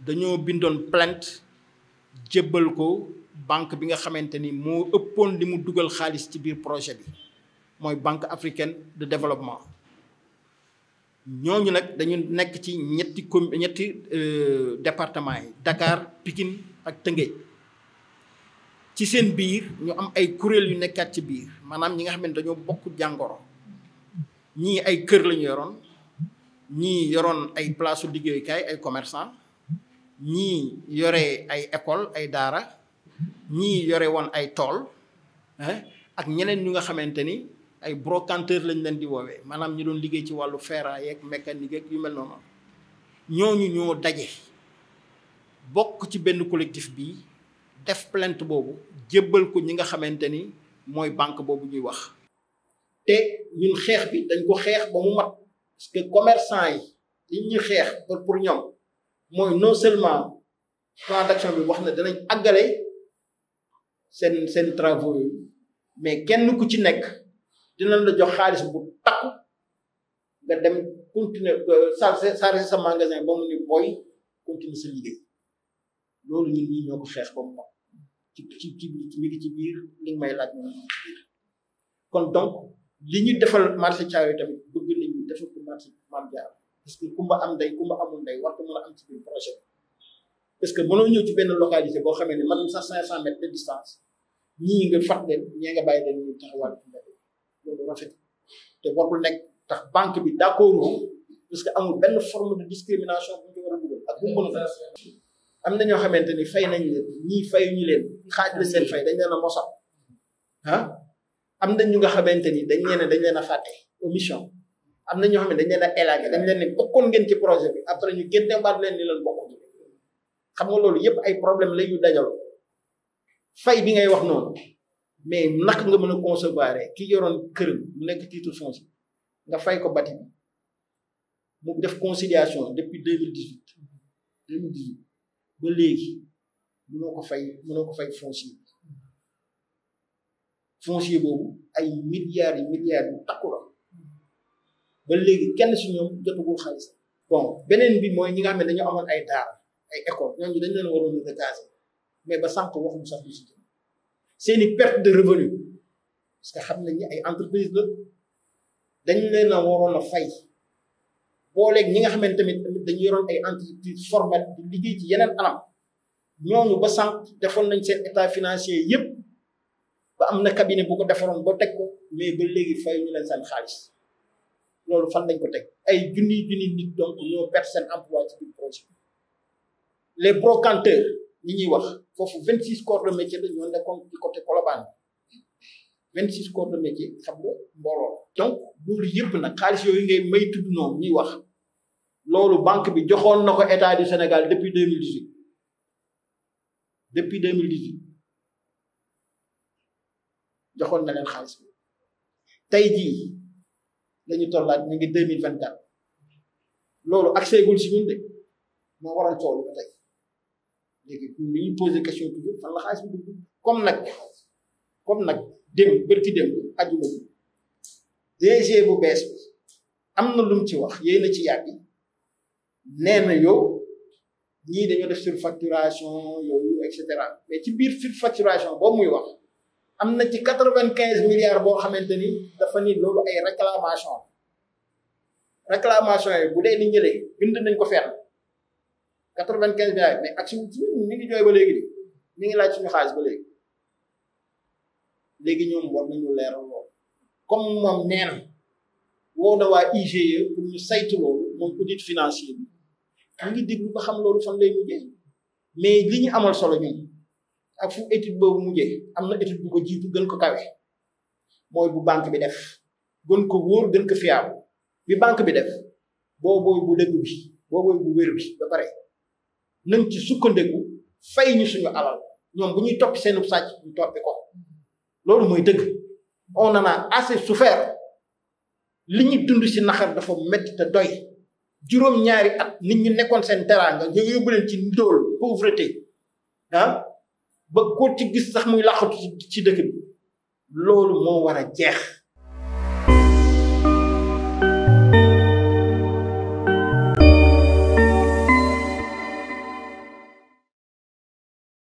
dañoo bindoon plainte jébbal ko banque bi nga xamante ni moo ëppoon li mu dugal xaalis ci biir projet bi mooy banque africaine de développement ñooñu nag dañu nekk ci ñetti com ñetti euh, département yi Dakar Pikine ak Tëngéej ci seen biir ñu am ay kuréel yu nekkaat ci biir maanaam ñi nga xam ne dañoo bokk jàngoro ñii ay kër lañu yoroon ñii yoroon ay place liggéeyukaay ay commerçant ñi yoré ay école ay daara ñi yoré won ay tool hein ak ñeneen ñu nga xamanteni ay brocanteur lañ leen di wowe manam ñu doon liggéey ci walu ferraille ak mécanique ak yu mel noonu ñooñu ñoo dajé bokk ci benn collectif bi def plainte bobu jébbal ko ñi nga xamanteni moy mooy banque boobu ñuy wax té ñun xeex bi dañ ko xeex ba mu mat parce que commerçant yi ñi ñuy pour pour ñom moi non seulement plan d'action bi waxna na agalé sen sen travaux mais kenn ku ci nek dinañ la jox bu nga dem continuer sa euh, sa magasin ba mu ni boy continuer sa lolou ñun ñi ko comme ci ci ci ci biir li may laaj donc li defal marché tamit bëgg defal parce que kumba am day kumba amul day war ko mën am ci bir projet parce que mënoo ñëw ci benn localité bo xamee man sax 500 mètres de distance ñi nga fat dem ñi nga bay dem ñu taxawal ci mbedd loolu rafet te ko nek tax banque bi d'accord accord parce que amul benn forme de discrimination bu ñu war a dugal ak bu mu mën am na ñoo xamanteni ni fay nañ le ñi fay ñu leen xaj le sen fay dañ leena a mosal ah am na ñu nga xamanteni dañ leena dañ leena faté omission am na ñoo xam ne dañ leen a élargi dañ leen ne bokkoon ngeen ci projet après ñu génne baat leen ni leen bokkutu xam nga loolu yëpp ay problème la yu dajal fay bi ngay wax noonu mais naka nga mën a concevoir ki yoroon këram mu nekk titre foncier nga fay ko bati mu def conciliation depuis deux mille dix huit deux ba léegi mënoo ko fay mënoo ko fay foncier foncier boobu ay milliards yi milliards yu takku ba léegi kenn si ñoom jotagul xaalis bon beneen bi mooy ñi nga xam ne dañoo amoon ay daara ay école ñooñu dañ leen waroon a recaser mais ba sànq waxuñu sax lu seen i perte de revenu parce que xam nañ ni ay entreprise la dañ leen a waroon a ñi nga xam ne tamit dañu yoroon ay entreprise formelle di liggéey ci yeneen anam ñooñu ba sànq defoon nañ seen état financier yépp ba am na cabinet bu ko defaroon ba teg ko mais ba léegi fay ñu leen seen xaalis le fan lañ ko tek ay donc personne employée ci projet les brocanteurs il ñi wax 26 corps de métier de nek ko ci côté colobane 26 corps de métier xam nga mboro donc lolu yépp nak xaliss yoy ngay may tudd non ñi wax lolu banque bi joxon nako état du sénégal depuis 2018 depuis 2018 joxon na len xaliss tay ji dañu ñu tollaat ñu ngi deux mille vingt quatre loolu accès ci si de moo waral coow lu ba tey léegi ñu ngi posé question toujours fan bi dugg comme nag comme nag démb bërki démb ajuma bu bees am na lu ci wax yéen a ci yàgg nee na yow ñii dañoo def surfacturation yooyu et mais ci biir surfacturation boobu muy wax. am na ci quatre-vingt-quinze milliards boo xamante ni dafa ni loolu ay réclamation réclamation yi bu dee ni ñëlee bind nañ ko fenn quatre-vingt-quinze milliards mais action ci mi ngi jooy ba léegi di mi ngi laaj suñu xaalis ba léegi léegi ñoom war nañu leeral loolu comme moom nee na woo na waa IGE pour ñu saytu loolu moom audit financier bi ñu ngi ba xam loolu fan lay mujjee mais li ñu amal solo ñun ak fu étude boobu mujjee am na étude bu ko jiitu gën ko kawe mooy bu banque bi def gën ko wóor gën ko fiable bi banque bi def boobooy bu dëgg bi boobooy bu wér bi ba pare nañ ci sukkandiku fay ñu suñu alal ñoom bu ñuy topp seenu sàcc ñu toppi ko loolu mooy dëgg on en asse assez souffert li ñu dund si naxar dafa métti te doy juróom-ñaari at nit ñu nekkoon seen teraanga nga yóbbu leen ci ndóol pauvreté ah ba ko ci gis sax muy laxatu ci dëkk bi loolu moo war a jeex